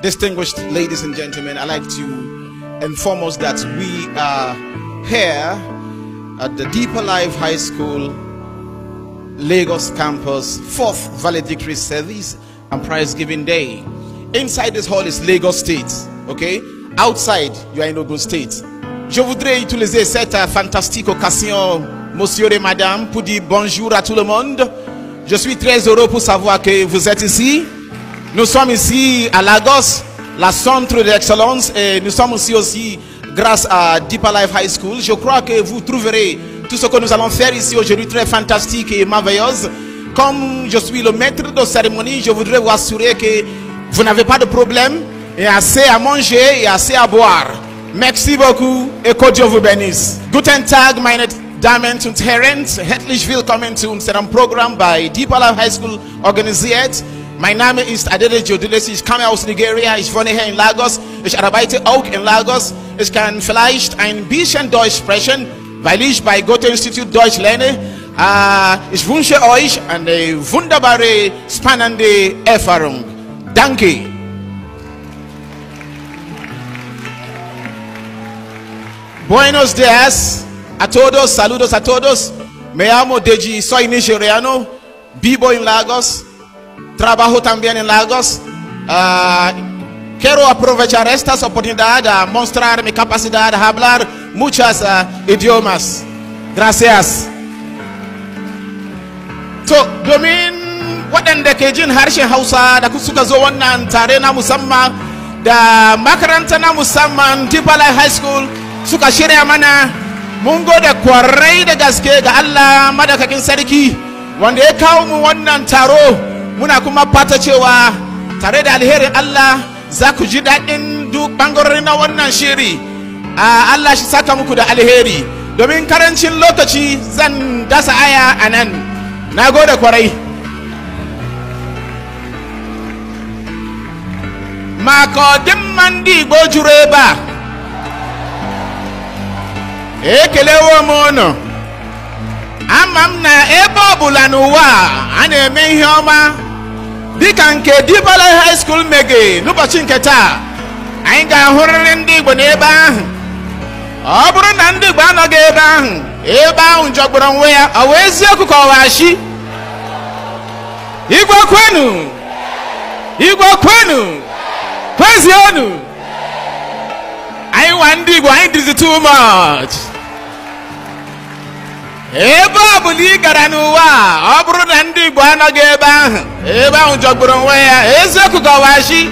Distinguished ladies and gentlemen, I'd like to inform us that we are here at the Deeper Life High School Lagos campus, fourth valedictory service and prize giving day. Inside this hall is Lagos State, okay? Outside, you are in Ogun State. Je voudrais utiliser cette fantastique occasion, monsieur et madame, pour dire bonjour à tout le monde. Je suis très heureux pour savoir que vous êtes ici. Nous sommes ici à Lagos, la centre d'excellence, et nous sommes ici aussi grâce à Deep Life High School. Je crois que vous trouverez tout ce que nous allons faire ici aujourd'hui très fantastique et merveilleuse. Comme je suis le maître de cérémonie, je voudrais vous assurer que vous n'avez pas de problème et assez à manger et assez à boire. Merci beaucoup et que Dieu vous bénisse. Guten Tag, meine Damen und Herren. willkommen zu unserem Programm Deep Life High School organisiert. My name is Adele Jodulesi. Ich komme aus Nigeria. Ich wohne hier in Lagos. Ich arbeite auch in Lagos. Ich kann vielleicht ein bisschen Deutsch sprechen, weil ich bei Goethe Institut Deutsch lerne. ich wünsche euch eine wunderbare, spannende Erfahrung. Danke. Buenos dias a todos, saludos a todos. Me llamo Deji, soy nigeriano, vivo en Lagos. Trabajo también en Lagos. Uh, quiero aprovechar estas oportunidades a mostrar mi capacidad de hablar muchos uh, ah, idiomas. Gracias. To, domin waɗanda ke jin harshen Hausa da suka zo wannan tare na musamman da makaranta na musamman Deeper High School suka shirya mana mun gode kwarai da gaske ga Allah madakakin sarki wanda ya kawo mu wannan taro muna kuma fata cewa tare da alherin Allah za ku ji daɗin duk ɓangarori na wannan shiri a Allah shi saka muku da alheri domin karancin lokaci zan dasa aya a nan na gode kwarai makodin mandi gojure ba ekelewo m unu ama m na ebe ọbụla n'ụwa a na-eme ihe ọma dịka nke Deeper High School mege n'ụbọchị nke taa anyị ga-ahụrịrị ndị Igbo n'ebe ahụ ọ bụrụ na ndị Igbo anọghị ebe ahụ ebe ahụ jọgburu onwe ya ọ wee eziokwu ka ọ shi kwenu kwezienu anyị nwa ndị Igbo anyị much ebe ọ bụla ị gara n'ụwa a ọ bụrụ na ndị Igbo anọghị ebe ahụ ebe ahụ jọgburu onwe ya eziokwu gọwachi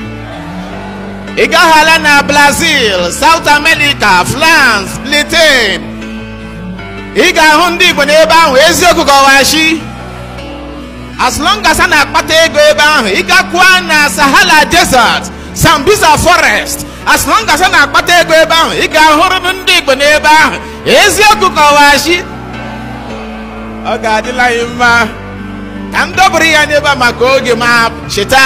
ị gaghị na Brazil South America France Britain ị ga-ahụ ndị Igbo n'ebe ahụ eziokwu gọwachi as long as a na-akpata ego ebe ahụ ị gakwuo na Sahara Desert Sambisa Forest as long as a na-akpata ego ebe ahụ ị ga-ahụrụ ndị Igbo n'ebe ahụ eziokwu gọwachi ọ ga-adịla anyị mma ka m dọbụrụ ya n'ebe a maka oge ma cheta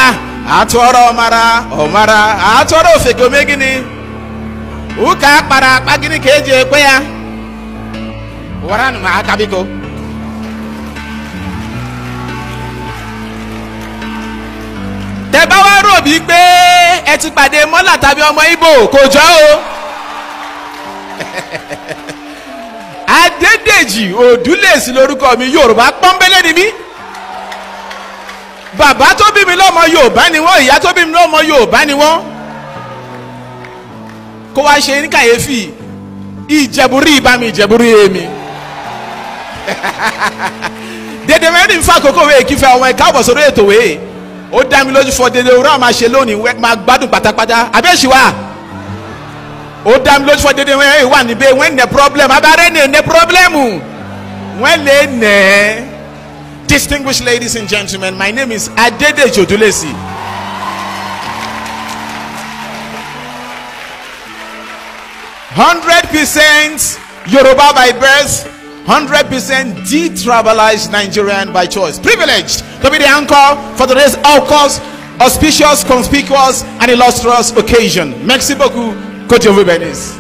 atụọrọ ọmara ọmara atụọrọ ofeke ome gịnị ụka akpara akpa gịnị ka eji ekwe ya waranụ m aka biko tẹ̀báwá rò bíi pé ẹ ti ọmọ ibo kò o. adédèjì òdúlèsì lórúkọ mi yorùbá pọ́nbélé ni mí bàbá tó bí mi lọ́mọ yorùbá ni wọ́n ìyá tó bí mi lọ́mọ yorùbá ni wọ́n kó wá ṣe ní kàyéfì ìjẹ̀búrí ìbá mi ìjẹ̀búrí èmi dèdè mẹ́rin ń fa àkókò wẹ̀ kí fẹ́ ọmọ ẹ̀ka ọ̀bọ̀ sórí ètò wẹ̀ ó dá mi lójú fọ dèdè òwúrọ̀ máa ṣe lónìí máa gbádùn pátápátá àbẹ́ṣiwá. ó dá mi lójú fún dédé wọn wà níbẹ̀ wọn nẹ problem abarẹ nẹ nẹ problem wọn lè nẹ. Distinguished ladies and gentlemen, my name is Adede Jodulesi. Hundred percent Yoruba by birth, hundred percent detribalized Nigerian by choice. Privileged to be the anchor for today's outcast, auspicious, conspicuous, and illustrious occasion. Merci beaucoup. Côte d'Ivoire Venice.